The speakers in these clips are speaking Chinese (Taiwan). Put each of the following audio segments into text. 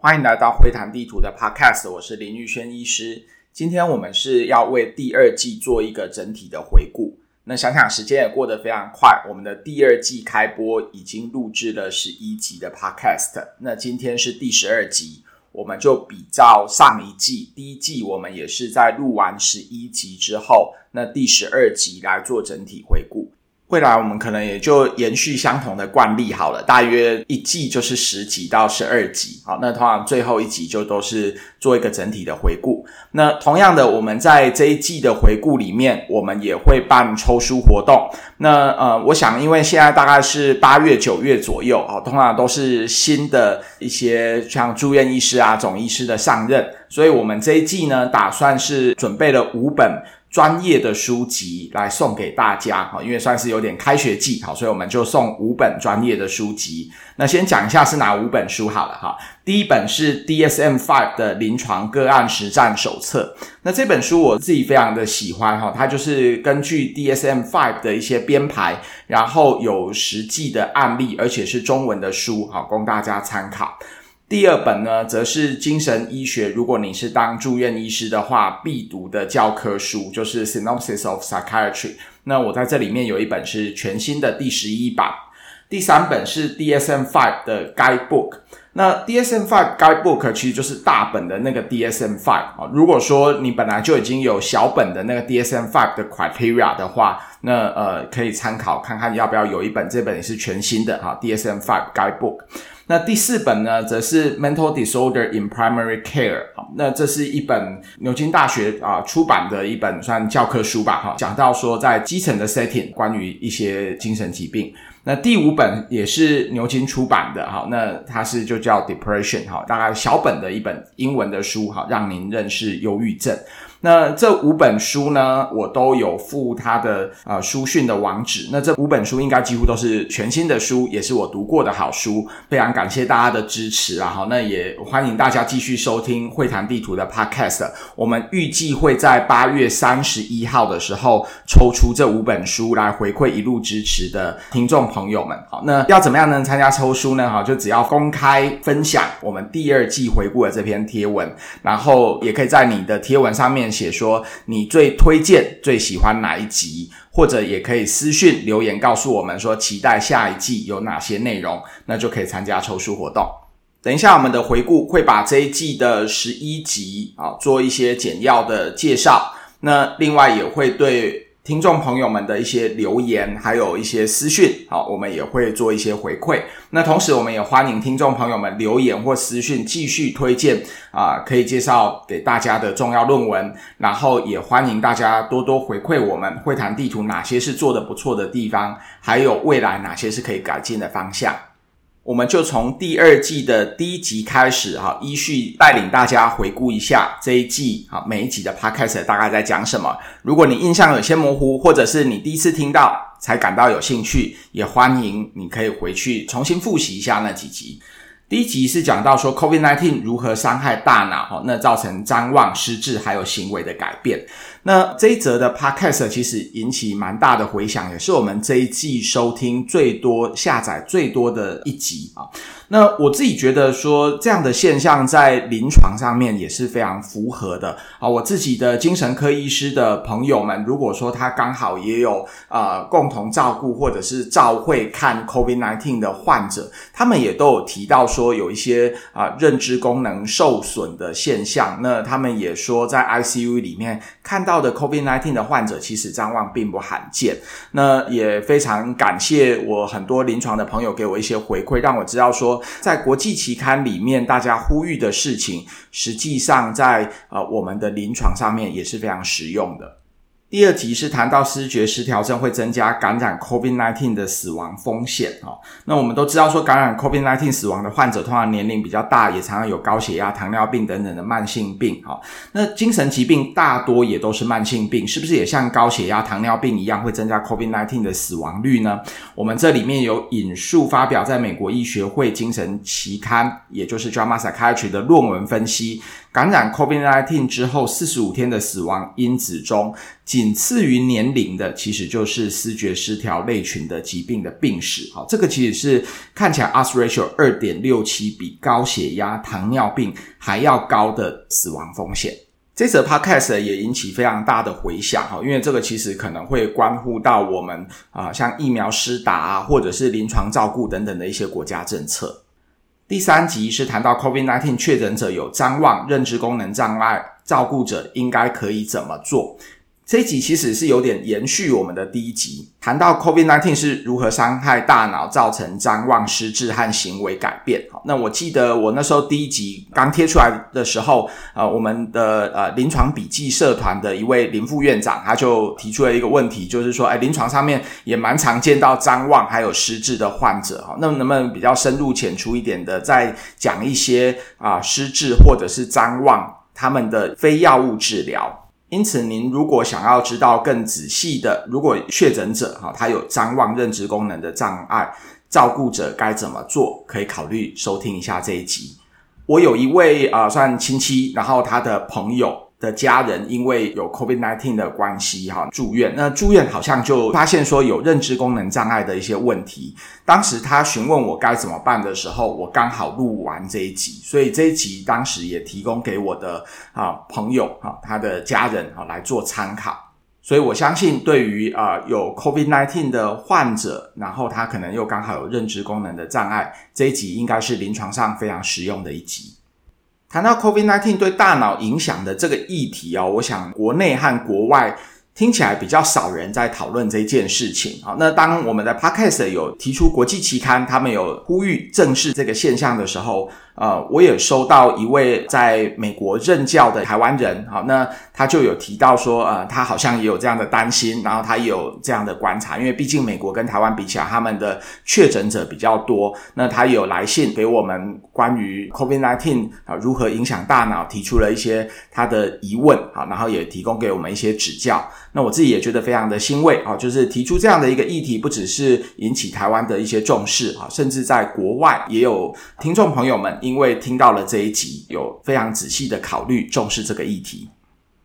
歡迎來到會談地圖的 Podcast，我是林玉軒醫師。今天我們是要為第二季做一個整體的回顧。那想想時間也過得非常快，我們的第二季開播已經錄製了十一集的 Podcast。那今天是第十二集，我們就比較上一季第一季，我們也是在錄完十一集之後，那第十二集來做整體回顧。未來我們可能也就延續相同的慣例好了，大約一季就是十集到十二集，好，那通常最後一集就都是，做一個整體的回顧。那同樣的，我們在這一季的回顧裡面，我們也會辦抽書活動。那呃，我想因為現在大概是八月九月左右啊、哦，通常都是新的一些像住院醫師啊、總醫師的上任，所以我們這一季呢，打算是準備了五本專業的書籍來送給大家啊、哦，因為算是有點開學季好、哦，所以我們就送五本專業的書籍。那先講一下是哪五本書好了哈、哦。第一本是 DSM Five 的。臨床個案實戰手冊，那這本書我自己非常的喜歡哈，它就是根據 DSM Five 的一些編排，然後有實際的案例，而且是中文的書哈，供大家參考。第二本呢，則是精神醫學，如果你是當住院醫師的話，必讀的教科書，就是 Synopsis of Psychiatry。那我在這裡面有一本是全新的第十一版，第三本是 DSM Five 的 Guidebook。那 DSM Five Guidebook 其實就是大本的那個 DSM Five 啊、哦。如果說你本來就已經有小本的那個 DSM Five 的 Criteria 的話，那呃可以參考看看要不要有一本，這本也是全新的哈、哦、DSM Five Guidebook。那第四本呢，則是 Mental Disorder in Primary Care、哦、那這是一本牛津大學啊、哦、出版的一本算教科書吧哈，講、哦、到說在基層的 setting 關於一些精神疾病。那第五本也是牛津出版的哈，那它是就叫 Depression 哈，大概小本的一本英文的書哈，讓您認識憂鬱症。那這五本書呢，我都有附它的呃書訊的網址。那這五本書應該幾乎都是全新的書，也是我讀過的好書，非常感謝大家的支持啊！好，那也歡迎大家繼續收聽《會談地圖》的 Podcast。我們預計會在八月三十一號的時候抽出這五本書來回饋一路支持的聽眾朋友朋友們，好，那要怎麼樣能參加抽書呢？哈，就只要公開分享我們第二季回顧的這篇貼文，然後也可以在你的貼文上面寫說你最推薦、最喜歡哪一集，或者也可以私訊留言告訴我們說期待下一季有哪些內容，那就可以參加抽書活動。等一下我們的回顧會把這一季的十一集啊做一些簡要的介紹，那另外也會對。聽眾朋友們的一些留言，還有一些私訊，好，我們也會做一些回饋。那同時，我們也歡迎聽眾朋友們留言或私訊，繼續推薦啊、呃，可以介紹給大家的重要論文。然後也歡迎大家多多回饋我們，會談地圖哪些是做得不錯的地方，還有未來哪些是可以改進的方向。我們就從第二季的第一集開始哈、啊，依序帶領大家回顧一下這一季哈、啊，每一集的 Podcast 大概在講什麼。如果你印象有些模糊，或者是你第一次聽到才感到有興趣，也歡迎你可以回去重新複習一下那幾集。第一集是講到說 COVID-19 如何傷害大腦，那造成張望、失智、還有行為的改變。那這一則的 podcast 其實引起蠻大的回響，也是我們這一季收聽最多、下載最多的一集啊。那我自己覺得說，這樣的現象在臨床上面也是非常符合的啊。我自己的精神科醫師的朋友們，如果說他剛好也有啊共同照顧或者是照會看 COVID nineteen 的患者，他們也都有提到說有一些啊認知功能受損的現象。那他們也說，在 ICU 裡面看到的 COVID nineteen 的患者，其實譫妄並不罕見。那也非常感謝我很多臨床的朋友給我一些回饋，讓我知道說，在國際期刊裡面，大家呼籲的事情，實際上在呃我們的臨床上面也是非常實用的。第二集是談到思覺失調症會增加感染 COVID nineteen 的死亡風險啊。那我們都知道說，感染 COVID nineteen 死亡的患者通常年齡比較大，也常常有高血壓、糖尿病等等的慢性病。那精神疾病大多也都是慢性病，是不是也像高血壓、糖尿病一樣會增加 COVID nineteen 的死亡率呢？我們這裡面有引述發表在美國醫學會精神期刊，也就是 JAMA Psychiatry 的論文分析，感染 COVID nineteen 之後四十五天的死亡因子中，僅次於年齡的，其實就是思覺失調類群的疾病的病史。好、哦，這個其實是看起來 odds ratio 二點六七，比高血壓、糖尿病還要高的死亡風險。這次的 podcast 也引起非常大的回響。哈、哦，因為這個其實可能會關乎到我們啊、呃，像疫苗施打啊，或者是臨床照顧等等的一些國家政策。第三集是談到 COVID-19 確診者有張望認知功能障礙，照顧者應該可以怎麼做？這一集其實是有點延續我們的第一集，談到 COVID-19 是如何傷害大腦，造成譫妄失智和行為改變。哈，那我記得我那時候第一集剛貼出來的時候，呃，我們的呃臨床筆記社團的一位林副院長，他就提出了一個問題，就是說，哎，臨床上面也蠻常見到譫妄還有失智的患者，哈，那能不能比較深入淺出一點的，再講一些啊、呃、失智或者是譫妄他們的非藥物治療？因此，您如果想要知道更仔細的，如果確診者哈、啊、他有張望認知功能的障礙，照顧者該怎麼做，可以考慮收聽一下這一集。我有一位啊、呃、算親戚，然後他的朋友。的家人因為有 COVID-19 的關係哈住院，那住院好像就發現說有認知功能障礙的一些問題。當時他詢問我該怎麼辦的時候，我剛好錄完這一集，所以這一集當時也提供給我的啊朋友哈、啊、他的家人哈、啊、來做參考。所以我相信對於啊有 COVID-19 的患者，然後他可能又剛好有認知功能的障礙，這一集應該是臨床上非常實用的一集。談到 COVID-19 對大腦影響的這個議題哦，我想國內和國外聽起來比較少人在討論這件事情。那當我們的 podcast 有提出國際期刊，他們有呼籲正視這個現象的時候。呃，我也收到一位在美國任教的台灣人，好，那他就有提到說，呃，他好像也有這樣的擔心，然後他也有這樣的觀察，因為畢竟美國跟台灣比起來，他們的確診者比較多，那他也有來信給我們關於 COVID-19 啊如何影響大腦，提出了一些他的疑問，好，然後也提供給我們一些指教。那我自己也覺得非常的欣慰，好、啊，就是提出這樣的一個議題，不只是引起台灣的一些重視，啊，甚至在國外也有聽眾朋友們。因為聽到了這一集，有非常仔細的考慮，重視這個議題。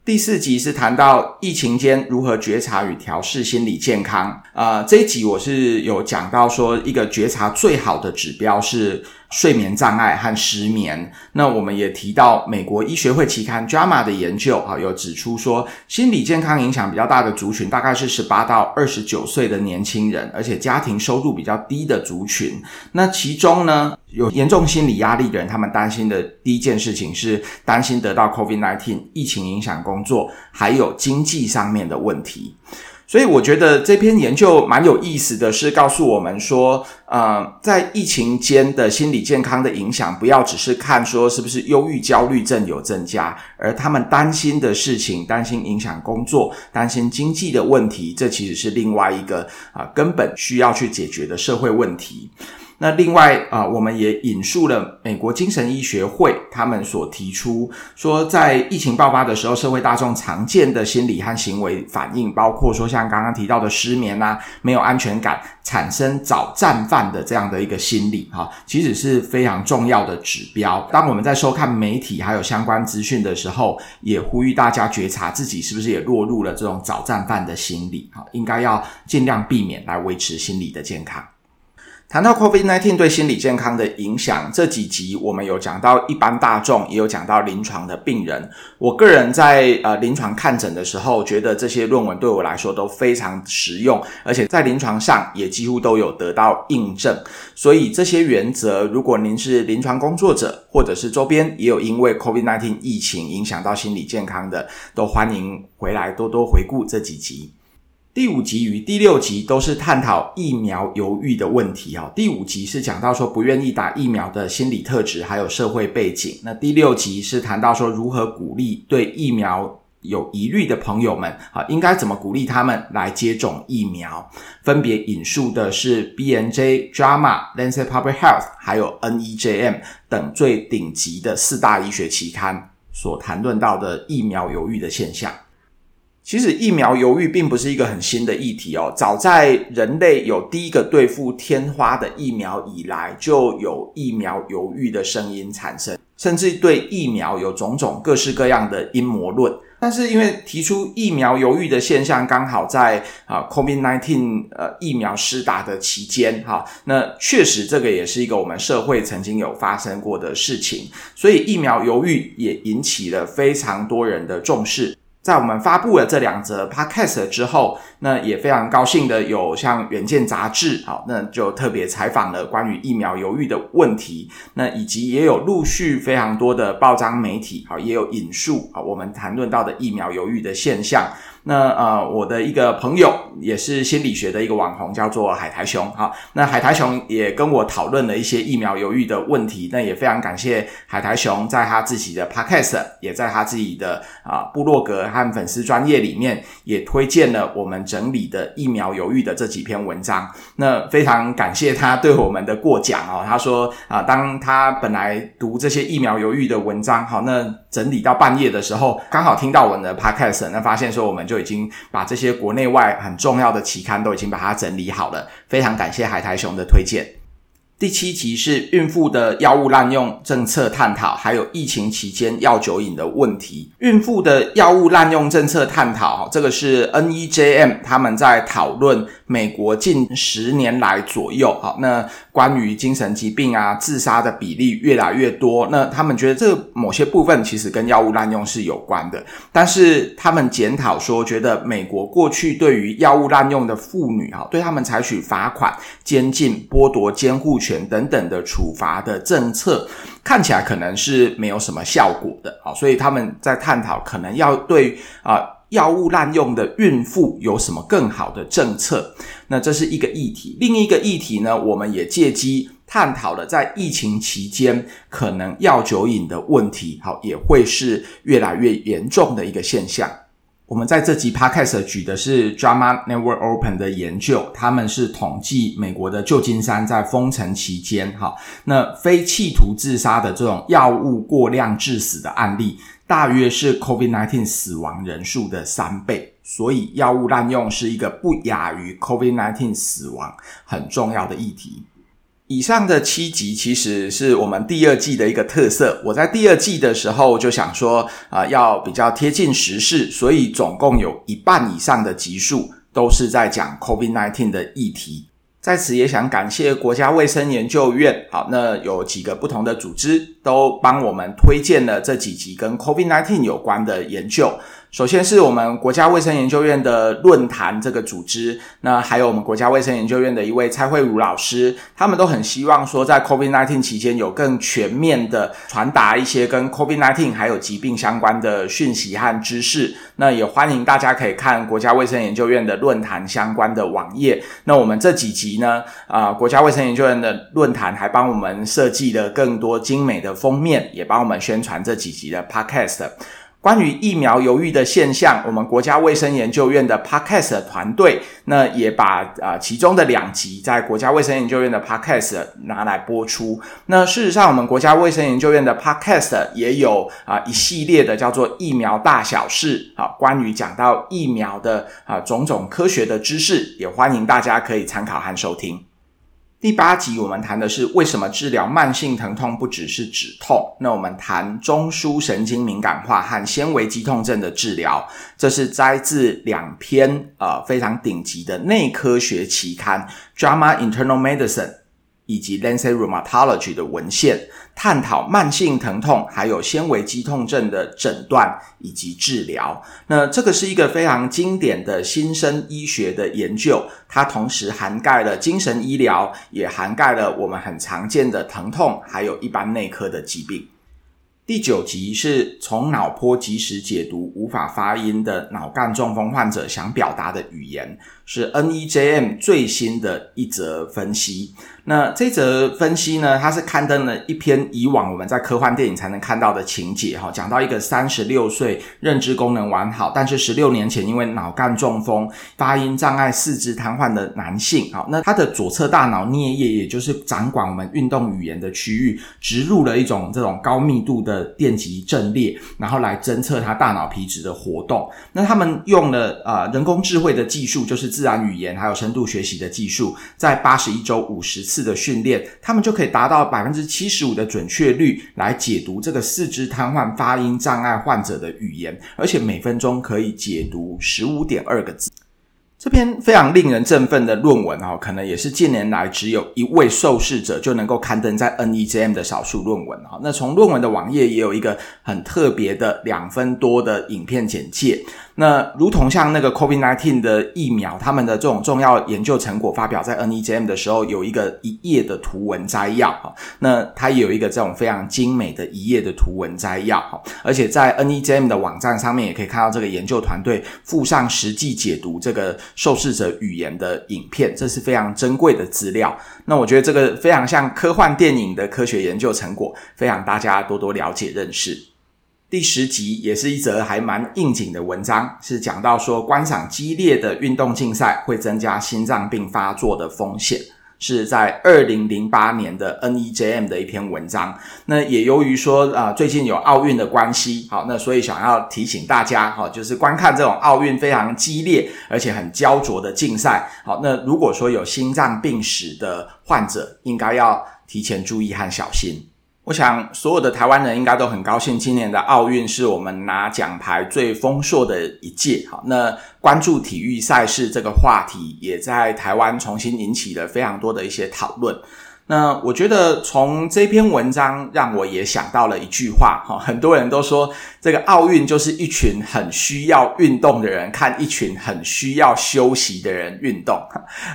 第四集是談到疫情間如何覺察與調試心理健康。啊、呃，這一集我是有講到說，一個覺察最好的指標是，睡眠障礙和失眠。那我們也提到美國醫學會期刊《JAMA》的研究，哈，有指出說，心理健康影響比較大的族群，大概是十八到二十九歲的年輕人，而且家庭收入比較低的族群。那其中呢，有嚴重心理壓力的人，他們擔心的第一件事情是擔心得到 COVID-19 疫情影響工作，還有經濟上面的問題。所以我覺得這篇研究蠻有意思的是，告訴我們說，呃，在疫情間的心理健康的影響，不要只是看說是不是憂鬱、焦慮症有增加，而他們擔心的事情，擔心影響工作，擔心經濟的問題，這其實是另外一個啊，呃，根本需要去解決的社會問題。那另外啊、呃，我們也引述了美國精神醫學會他們所提出說，在疫情爆發的時候，社會大眾常見的心理和行為反應，包括說像剛剛提到的失眠吶、啊、沒有安全感、產生找戰犯的這樣的一個心理，哈、哦，其實是非常重要的指標。當我們在收看媒體還有相關資訊的時候，也呼籲大家覺察自己是不是也落入了這種找戰犯的心理，哈、哦，應該要儘量避免來維持心理的健康。談到 COVID-19 對心理健康的影響，這幾集我們有講到一般大眾，也有講到臨床的病人。我個人在呃臨床看診的時候，覺得這些論文對我來說都非常實用，而且在臨床上也幾乎都有得到印證。所以這些原則，如果您是臨床工作者，或者是周邊也有因為 COVID-19 疫情影響到心理健康的，都歡迎回來多多回顧這幾集。第五集與第六集都是探討疫苗猶豫的問題啊、哦。第五集是講到說不願意打疫苗的心理特質，還有社會背景。那第六集是談到說如何鼓勵對疫苗有疑慮的朋友們啊，應該怎麼鼓勵他們來接種疫苗？分別引述的是 BMJ、JAMA、Lancet Public Health 還有 NEJM 等最頂級的四大醫學期刊所談論到的疫苗猶豫的現象。其實疫苗猶豫並不是一個很新的議題哦。早在人類有第一個對付天花的疫苗以來，就有疫苗猶豫的聲音產生，甚至對疫苗有種種各式各樣的陰謀論。但是因為提出疫苗猶豫的現象剛好在啊，COVID-19 呃疫苗施打的期間哈，啊，那確實這個也是一個我們社會曾經有發生過的事情，所以疫苗猶豫也引起了非常多人的重視。在我們發布了這兩則 podcast 之後，那也非常高興的有像《遠見》雜誌，好，那就特別採訪了關於疫苗猶豫的問題，那以及也有陸續非常多的報章媒體，好，也有引述好，我們談論到的疫苗猶豫的現象。那呃，我的一個朋友也是心理學的一個網紅，叫做海苔熊。好、哦，那海苔熊也跟我討論了一些疫苗猶豫的問題。那也非常感謝海苔熊，在他自己的 podcast，也在他自己的啊、呃、部落格和粉絲專頁裡面，也推薦了我們整理的疫苗猶豫的這幾篇文章。那非常感謝他對我們的過獎哦。他說啊、呃，當他本來讀這些疫苗猶豫的文章，好、哦、那。整理到半夜的時候，剛好聽到我們的 podcast，那發現說我們就已經把這些國內外很重要的期刊都已經把它整理好了，非常感謝海苔熊的推薦。第七集是孕婦的藥物濫用政策探討，還有疫情期間藥酒癮的問題。孕婦的藥物濫用政策探討，哦，這個是 NEJM 他們在討論美國近十年來左右，哈，哦，那關於精神疾病啊、自殺的比例越來越多，那他們覺得這某些部分其實跟藥物濫用是有關的。但是他們檢討說，覺得美國過去對於藥物濫用的婦女，哈，哦，對他們採取罰款、監禁、剝奪監護權，權等等的處罰的政策看起來可能是沒有什麼效果的啊，所以他們在探討可能要對啊呃、藥物濫用的孕婦有什麼更好的政策。那這是一個議題，另一個議題呢，我們也借機探討了在疫情期間可能藥酒癮的問題，好也會是越來越嚴重的一個現象。我們在這集 podcast 舉的是 JAMA Network Open 的研究，他們是統計美國的舊金山在封城期間，哈，那非企圖自殺的這種藥物過量致死的案例，大約是 COVID nineteen 死亡人數的三倍，所以藥物濫用是一個不亞於 COVID nineteen 死亡很重要的議題。以上的七集其實是我們第二季的一個特色。我在第二季的時候就想說，啊、呃，要比較貼近時事，所以總共有一半以上的集數都是在講 COVID-19 的議題。在此也想感謝國家衛生研究院，好，那有幾個不同的組織都幫我們推薦了這幾集跟 COVID-19 有關的研究。首先是我們國家衛生研究院的論壇這個組織，那還有我們國家衛生研究院的一位蔡慧茹老師，他們都很希望說在，在 COVID-19 期間有更全面的傳達一些跟 COVID-19 還有疾病相關的訊息和知識。那也歡迎大家可以看國家衛生研究院的論壇相關的網頁。那我們這幾集呢，啊、呃，國家衛生研究院的論壇還幫我們設計了更多精美的封面，也幫我們宣傳這幾集的 podcast。關於疫苗猶豫的現象，我們國家衛生研究院的 Podcast 團隊那也把啊、呃、其中的兩集在國家衛生研究院的 Podcast 拿來播出。那事實上，我們國家衛生研究院的 Podcast 也有啊一系列的叫做疫苗大小事，啊關於講到疫苗的啊種種科學的知識，也歡迎大家可以參考和收聽。第八集我們談的是為什麼治療慢性疼痛不只是止痛。那我們談中樞神經敏感化和纖維肌痛症的治療。這是摘自兩篇呃非常頂級的內科學期刊《JAMA Internal Medicine》以及《Lancet Rheumatology》的文獻。探討慢性疼痛還有纖維肌痛症的診斷以及治療。那這個是一個非常經典的新生醫學的研究，它同時涵蓋了精神醫療，也涵蓋了我們很常見的疼痛，還有一般內科的疾病。第九集是從腦波即時解讀無法發音的腦幹中風患者想表達的語言。是 NEJM 最新的一則分析。那這則分析呢，它是刊登了一篇以往我們在科幻電影才能看到的情節哈，講到一個三十六歲、認知功能完好，但是十六年前因為腦幹中風、發音障礙、四肢癱瘓的男性。好，那他的左側大腦顳葉，也就是掌管我們運動語言的區域，植入了一種這種高密度的電極陣列，然後來偵測他大腦皮質的活動。那他們用了呃人工智慧的技術，就是。自然語言還有深度學習的技術，在八十一周五十次的訓練，他們就可以達到百分之七十五的準確率來解讀這個四肢癱瘓、發音障礙患者的語言，而且每分鐘可以解讀十五點二個字。這篇非常令人振奮的論文啊，可能也是近年來只有一位受試者就能夠刊登在 NEJM 的少數論文啊，那從論文的網頁也有一個很特別的兩分多的影片簡介。那如同像那個 COVID-19 的疫苗，他們的這種重要研究成果發表在 NEJM 的時候，有一個一頁的圖文摘要。那它也有一個這種非常精美的一頁的圖文摘要，而且在 NEJM 的網站上面也可以看到這個研究團隊附上實際解讀這個受試者語言的影片，這是非常珍貴的資料。那我覺得這個非常像科幻電影的科學研究成果，非常大家多多了解認識。第十集也是一則還蠻應景的文章，是講到說觀賞激烈的運動競賽會增加心臟病發作的風險，是在二零零八年的 NEJM 的一篇文章。那也由於說啊、呃，最近有奧運的關係，好，那所以想要提醒大家，哈、哦，就是觀看這種奧運非常激烈而且很焦灼的競賽，好，那如果說有心臟病史的患者，應該要提前注意和小心。我想，所有的台灣人應該都很高興，今年的奧運是我們拿獎牌最豐碩的一屆。那關注體育賽事這個話題，也在台灣重新引起了非常多的一些討論。那我覺得從這篇文章讓我也想到了一句話哈，很多人都說這個奧運就是一群很需要運動的人，看一群很需要休息的人運動。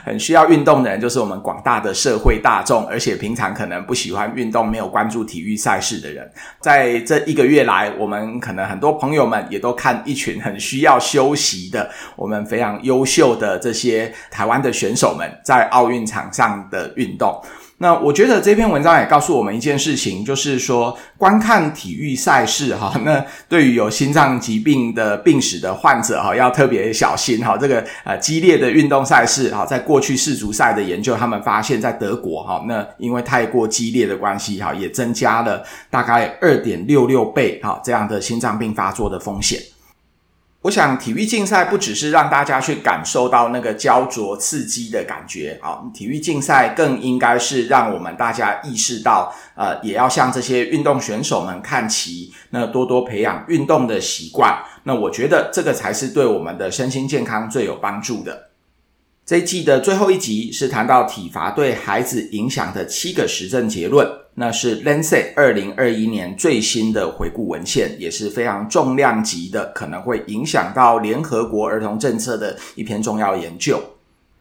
很需要運動的人就是我們廣大的社會大眾，而且平常可能不喜歡運動、沒有關注體育賽事的人，在這一個月來，我們可能很多朋友們也都看一群很需要休息的我們非常優秀的這些台灣的選手們在奧運場上的運動。那我覺得這篇文章也告訴我們一件事情，就是說觀看體育賽事哈，那對於有心臟疾病的病史的患者哈，要特別小心哈。這個呃激烈的運動賽事哈，在過去世足賽的研究，他們發現在德國哈，那因為太過激烈的關係哈，也增加了大概二點六六倍哈這樣的心臟病發作的風險。我想，體育競賽不只是讓大家去感受到那個焦灼刺激的感覺啊！體育競賽更應該是讓我們大家意識到，呃，也要向這些運動選手們看齊，那多多培養運動的習慣。那我覺得這個才是對我們的身心健康最有幫助的。這一季的最後一集是談到體罰對孩子影響的七個實證結論。那是 Lancet 二零二一年最新的回顧文獻，也是非常重量級的，可能會影響到聯合國兒童政策的一篇重要研究。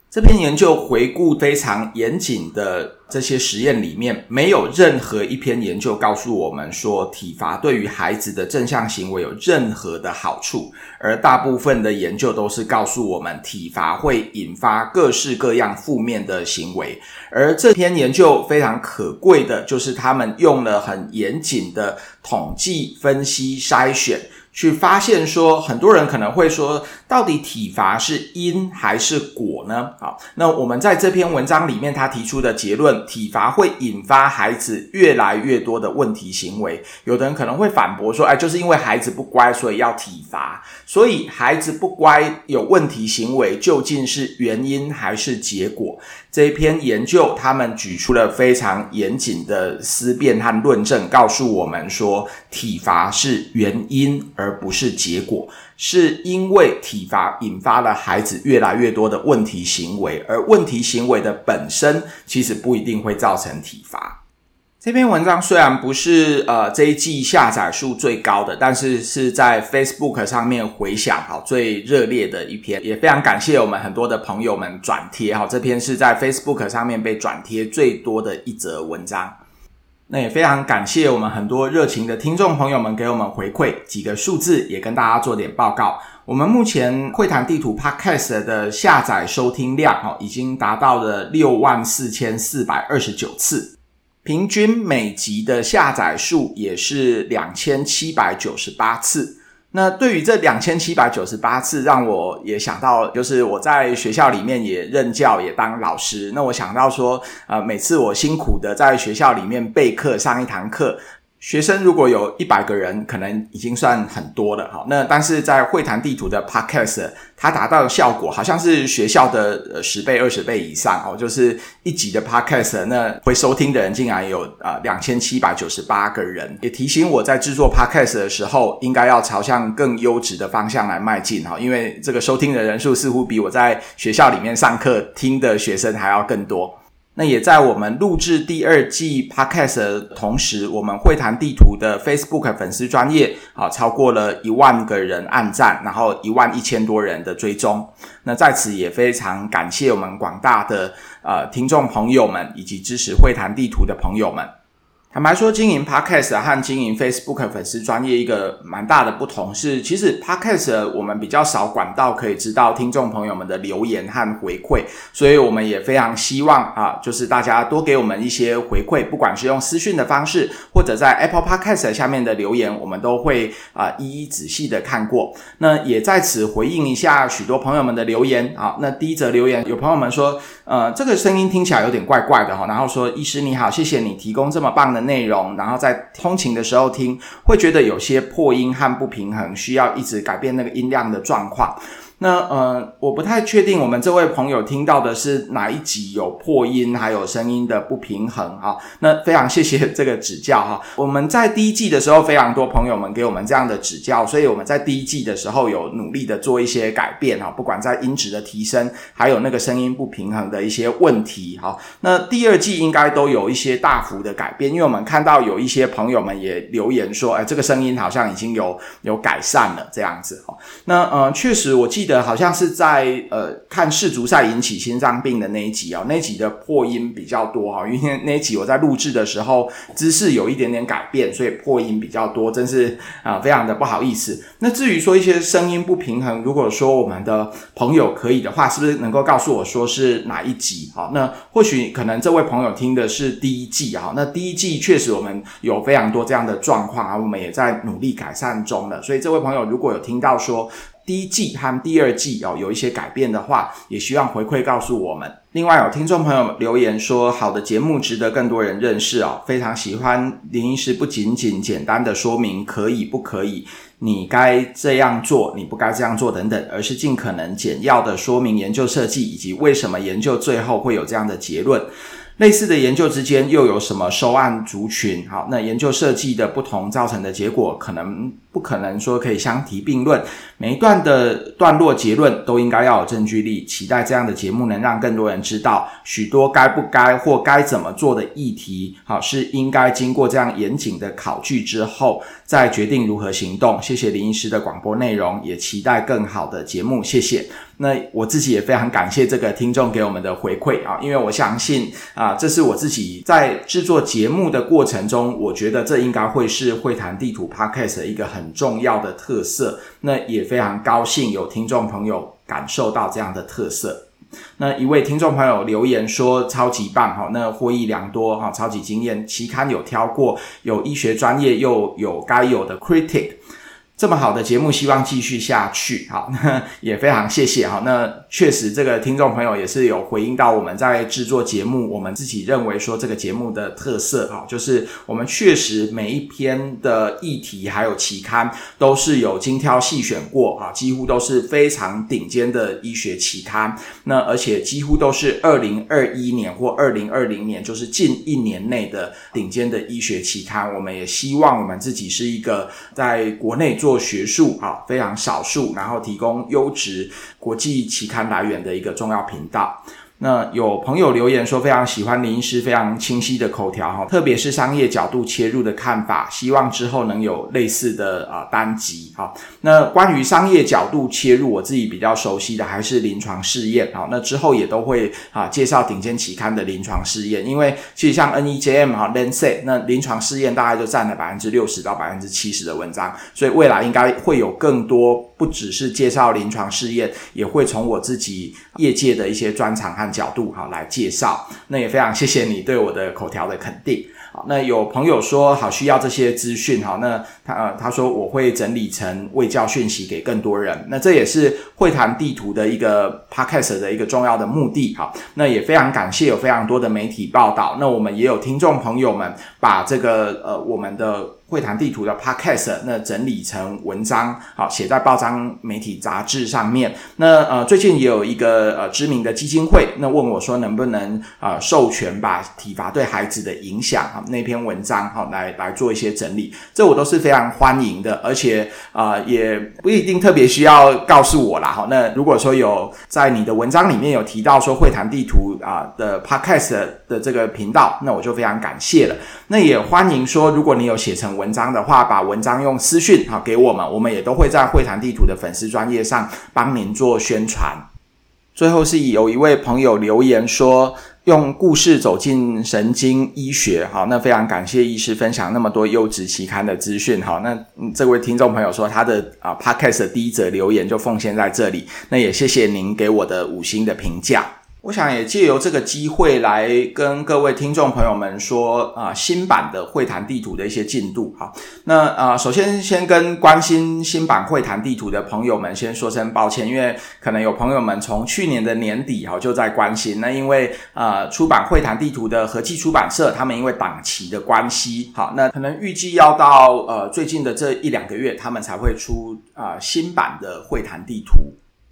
這篇研究回顧非常嚴謹的這些實驗裡面，沒有任何一篇研究告訴我們說體罰對於孩子的正向行為有任何的好處，而大部分的研究都是告訴我們體罰會引發各式各樣負面的行為。而這篇研究非常可貴的就是，他們用了很嚴謹的統計分析篩選。去發現說，很多人可能會說，到底體罰是因還是果呢？好，那我們在這篇文章裡面，他提出的結論，體罰會引發孩子越來越多的問題行為。有的人可能會反駁說，哎，就是因為孩子不乖，所以要體罰。所以孩子不乖有問題行為，究竟是原因還是結果？這一篇研究，他們舉出了非常嚴謹的思辨和論證，告訴我們說，體罰是原因而。而不是結果，是因為體罰引發了孩子越來越多的問題行為，而問題行為的本身其實不一定會造成體罰。這篇文章雖然不是呃這一季下載數最高的，但是是在 Facebook 上面回響啊、哦、最熱烈的一篇，也非常感謝我們很多的朋友們轉貼哈、哦，這篇是在 Facebook 上面被轉貼最多的一則文章。那也非常感謝我們很多熱情的聽眾朋友們給我們回饋幾個數字，也跟大家做點報告。我們目前會談地圖 Podcast 的下載收聽量哦，已經達到了六萬四千四百二十九次，平均每集的下載數也是兩千七百九十八次。那對於這兩千七百九十八次，讓我也想到，就是我在學校裡面也任教，也當老師。那我想到說，呃，每次我辛苦的在學校裡面備課，上一堂課。學生如果有一百個人，可能已經算很多了哈。那但是在會談地圖的 podcast，它達到的效果好像是學校的十倍、二十倍以上哦。就是一集的 podcast，那會收聽的人竟然有啊兩千七百九十八個人，也提醒我在制作 podcast 的時候，應該要朝向更優質的方向來邁進哈。因為這個收聽的人數似乎比我在學校裡面上課聽的學生還要更多。那也在我們錄製第二季 podcast 的同時，我們會談地圖的 Facebook 粉絲專頁啊，超過了一萬個人按讚，然後一萬一千多人的追蹤。那在此也非常感謝我們廣大的呃聽眾朋友們，以及支持會談地圖的朋友們。坦白說，經營 Podcast 和經營 Facebook 粉絲專頁一個蠻大的不同是，其實 Podcast 我們比較少管道可以知道聽眾朋友們的留言和回饋，所以我們也非常希望啊，就是大家多給我們一些回饋，不管是用私訊的方式，或者在 Apple Podcast 下面的留言，我們都會啊一一仔細的看過。那也在此回應一下許多朋友們的留言啊。那第一則留言有朋友們說，呃，這個聲音聽起來有點怪怪的哈，然後說，醫師你好，謝謝你提供這麼棒的。內容，然後在通勤的時候聽，會覺得有些破音和不平衡，需要一直改變那個音量的狀況。那呃、嗯，我不太確定我們這位朋友聽到的是哪一集有破音，還有聲音的不平衡哈。那非常謝謝這個指教哈。我們在第一季的時候，非常多朋友們給我們這樣的指教，所以我們在第一季的時候有努力的做一些改變哈。不管在音質的提升，還有那個聲音不平衡的一些問題哈。那第二季應該都有一些大幅的改變，因為我們看到有一些朋友們也留言說，哎、欸，這個聲音好像已經有有改善了這樣子哈。那呃，嗯、確實我記得。記得好像是在呃看世足賽引起心臟病的那一集哦，那一集的破音比較多哈、哦，因為那一集我在錄制的時候姿勢有一點點改變，所以破音比較多，真是啊、呃、非常的不好意思。那至於說一些聲音不平衡，如果說我們的朋友可以的話，是不是能夠告訴我說是哪一集好？那或許可能這位朋友聽的是第一季啊，那第一季確實我們有非常多這樣的狀況，啊，我們也在努力改善中了。所以這位朋友如果有聽到說，第一季和第二季哦，有一些改變的話，也希望回饋告訴我們。另外有聽眾朋友留言說，好的節目值得更多人認識哦，非常喜歡林醫師不僅僅簡單的說明可以不可以，你該這樣做，你不該這樣做等等，而是盡可能簡要的說明研究設計以及為什麼研究最後會有這樣的結論。類似的研究之間又有什麼收案族群？好，那研究設計的不同造成的結果可能。不可能說可以相提並論，每一段的段落結論都應該要有證據力。期待這樣的節目能讓更多人知道許多該不該或該怎麼做的議題，好、啊、是應該經過這樣嚴謹的考據之後再決定如何行動。謝謝林醫師的廣播內容，也期待更好的節目。謝謝。那我自己也非常感謝這個聽眾給我們的回饋啊，因為我相信啊，這是我自己在製作節目的過程中，我覺得這應該會是會談地圖 Podcast 的一個很。重要的特色，那也非常高興有聽眾朋友感受到這樣的特色。那一位聽眾朋友留言說：“超級棒哈，那獲益良多哈，超級驚豔，期刊有挑過，有醫學專業，又有該有的 critic。”這麼好的節目，希望繼續下去。好那，也非常謝謝。好，那確實，這個聽眾朋友也是有回應到我們在制作節目，我們自己認為說這個節目的特色，哈，就是我們確實每一篇的議題還有期刊都是有精挑細選過，啊，幾乎都是非常頂尖的醫學期刊。那而且幾乎都是二零二一年或二零二零年，就是近一年內的頂尖的醫學期刊。我們也希望我們自己是一個在國內做做學術啊，非常少數，然後提供優質國際期刊來源的一個重要頻道。那有朋友留言說非常喜歡林醫師非常清晰的口條哈，特別是商業角度切入的看法，希望之後能有類似的啊單集哈。那關於商業角度切入，我自己比較熟悉的還是臨床試驗啊。那之後也都會啊介紹頂尖期刊的臨床試驗，因為其實像 NEJM 哈、Lancet 那臨床試驗大概就佔了百分之六十到百分之七十的文章，所以未來應該會有更多。不只是介紹臨床試驗，也會從我自己業界的一些專長和角度哈來介紹。那也非常謝謝你對我的口條的肯定。好，那有朋友說好需要這些資訊哈，那他、呃、他說我會整理成衛教訊息給更多人。那這也是會談地圖的一個 podcast 的一個重要的目的。好，那也非常感謝有非常多的媒體報道。那我們也有聽眾朋友們把這個呃我們的。會談地圖的 podcast，那整理成文章，好，寫在報章、媒體、雜誌上面。那呃，最近也有一個呃知名的基金會，那問我說能不能啊、呃、授權把體罰對孩子的影響哈那篇文章哈來來做一些整理，這我都是非常歡迎的，而且啊、呃、也不一定特別需要告訴我啦哈。那如果說有在你的文章裡面有提到說會談地圖啊、呃、的 podcast 的這個頻道，那我就非常感謝了。那也歡迎說如果你有寫成。文章的話，把文章用私訊哈給我們，我們也都會在會談地圖的粉絲專頁上幫您做宣傳。最後是有一位朋友留言說，用故事走進神經醫學哈，那非常感謝醫師分享那麼多優質期刊的資訊哈。那這位聽眾朋友說他的啊 Podcast 的第一則留言就奉獻在這裡，那也謝謝您給我的五星的評價。我想也借由這個機會來跟各位聽眾朋友們說啊、呃，新版的會談地圖的一些進度哈，那啊、呃，首先先跟關心新版會談地圖的朋友們先說聲抱歉，因為可能有朋友們從去年的年底哈、哦、就在關心。那因為呃出版會談地圖的合記出版社，他們因為檔期的關係，好，那可能預計要到呃最近的這一兩個月，他們才會出啊、呃、新版的會談地圖。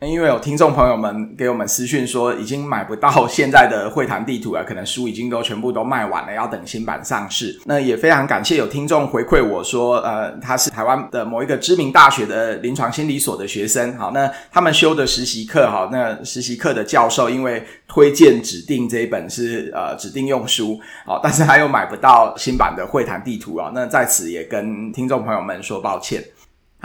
因為有聽眾朋友們給我們私訊說，已經買不到現在的《會談地圖》了，可能書已經都全部都賣完了，要等新版上市。那也非常感謝有聽眾回饋我說，呃，他是台灣的某一個知名大學的臨床心理所的學生，好，那他們修的實習課，哈，那實習課的教授因為推薦指定這一本是呃指定用書，好，但是他又買不到新版的《會談地圖》啊，那在此也跟聽眾朋友們說抱歉。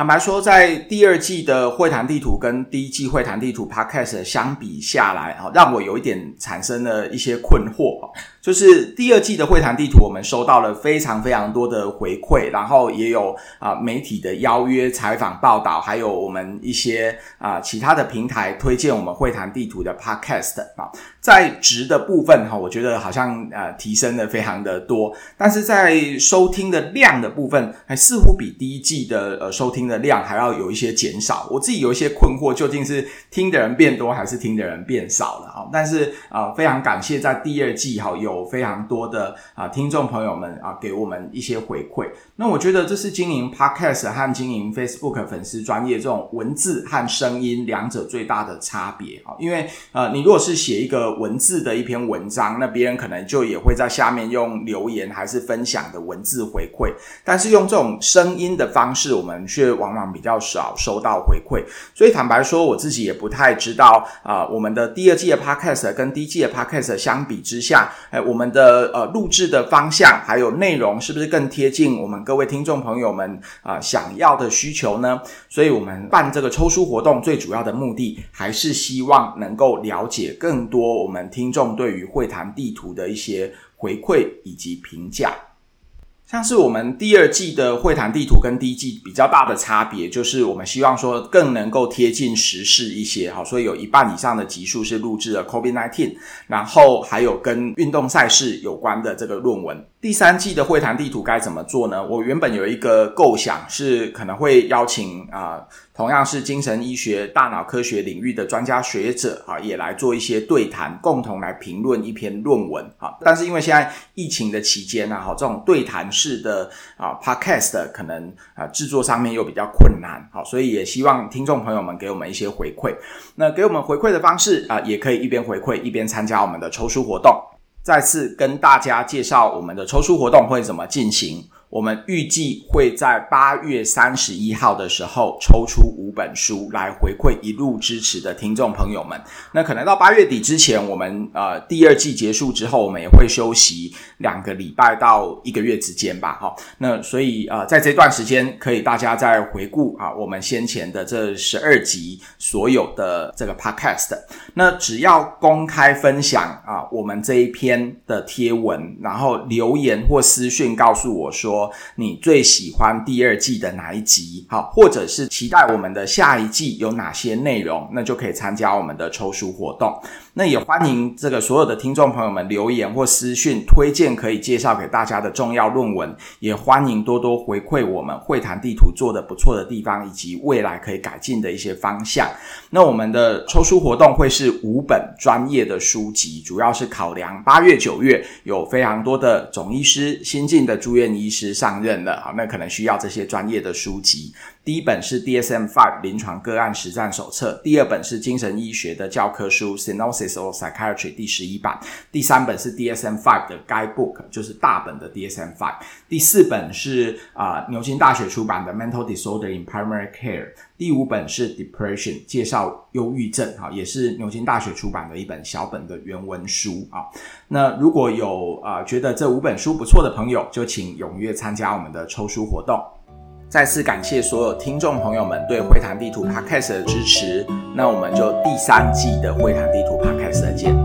坦白說，在第二季的會談地圖跟第一季會談地圖 podcast 相比下來，哦，讓我有一點產生了一些困惑。哦就是第二季的會談地圖，我們收到了非常非常多的回饋，然後也有啊、呃、媒體的邀約採訪報道，還有我們一些啊、呃、其他的平台推薦我們會談地圖的 podcast 啊、哦，在值的部分哈、哦，我覺得好像呃提升了非常的多，但是在收聽的量的部分，還似乎比第一季的呃收聽的量還要有一些減少。我自己有一些困惑，究竟是聽的人變多還是聽的人變少了啊、哦？但是啊、呃，非常感謝在第二季哈、哦、有。有非常多的啊聽眾朋友們啊，給我們一些回饋。那我覺得這是經營 Podcast 和經營 Facebook 粉絲專頁這種文字和聲音兩者最大的差別啊。因為呃，你如果是寫一個文字的一篇文章，那別人可能就也會在下面用留言還是分享的文字回饋。但是用這種聲音的方式，我們卻往往比較少收到回饋。所以坦白說，我自己也不太知道啊、呃，我們的第二季的 Podcast 跟第一季的 Podcast 相比之下。我們的呃錄製的方向還有內容是不是更貼近我們各位聽眾朋友們啊、呃、想要的需求呢？所以，我們辦這個抽書活動最主要的目的，還是希望能夠了解更多我們聽眾對於會談地圖的一些回饋以及評價。像是我們第二季的會談地圖跟第一季比較大的差別，就是我們希望說更能夠貼近時事一些，好，所以有一半以上的集數是錄製了 COVID-19，然後還有跟運動賽事有關的這個論文。第三季的會談地圖該怎麼做呢？我原本有一個構想是可能會邀請啊、呃，同樣是精神醫學、大腦科學領域的專家學者啊，也來做一些對談，共同來評論一篇論文啊。但是因為現在疫情的期間呢，好、啊、這種對談式的啊 podcast 可能啊製作上面又比較困難，好、啊，所以也希望聽眾朋友們給我們一些回饋。那給我們回饋的方式啊，也可以一邊回饋一邊參加我們的抽書活動。再次跟大家介紹我們的抽書活動會怎麼進行。我們預計會在八月三十一號的時候抽出五本書來回饋一路支持的聽眾朋友們。那可能到八月底之前，我們呃，第二季結束之後，我們也會休息兩個禮拜到一個月之間吧。哈、哦，那所以呃在這段時間，可以大家再回顧啊我們先前的這十二集所有的這個 podcast。那只要公開分享啊我們這一篇的貼文，然後留言或私訊告訴我說。你最喜歡第二季的哪一集？好，或者是期待我們的下一季有哪些內容，那就可以參加我們的抽書活動。那也歡迎這個所有的聽眾朋友們留言或私訊推薦可以介紹給大家的重要論文，也歡迎多多回饋我們會談地圖做得不錯的地方，以及未來可以改進的一些方向。那我們的抽書活動會是五本專業的書籍，主要是考量八月九月有非常多的總醫師、新進的住院醫師上任了，好，那可能需要這些專業的書籍。第一本是 DSM-5 臨床個案實戰手冊，第二本是精神醫學的教科書 Synopsis of Psychiatry 第十一版，第三本是 DSM-5 的 Guidebook，就是大本的 DSM-5，第四本是啊、呃、牛津大學出版的 Mental Disorder in Primary Care，第五本是 Depression，介紹憂鬱症，哈、啊，也是牛津大學出版的一本小本的原文書啊。那如果有啊、呃、覺得這五本書不錯的朋友，就請踴躍參加我們的抽書活動。再次感謝所有聽眾朋友們對《會談地圖》Podcast 的支持，那我們就第三季的《會談地圖》Podcast 再見。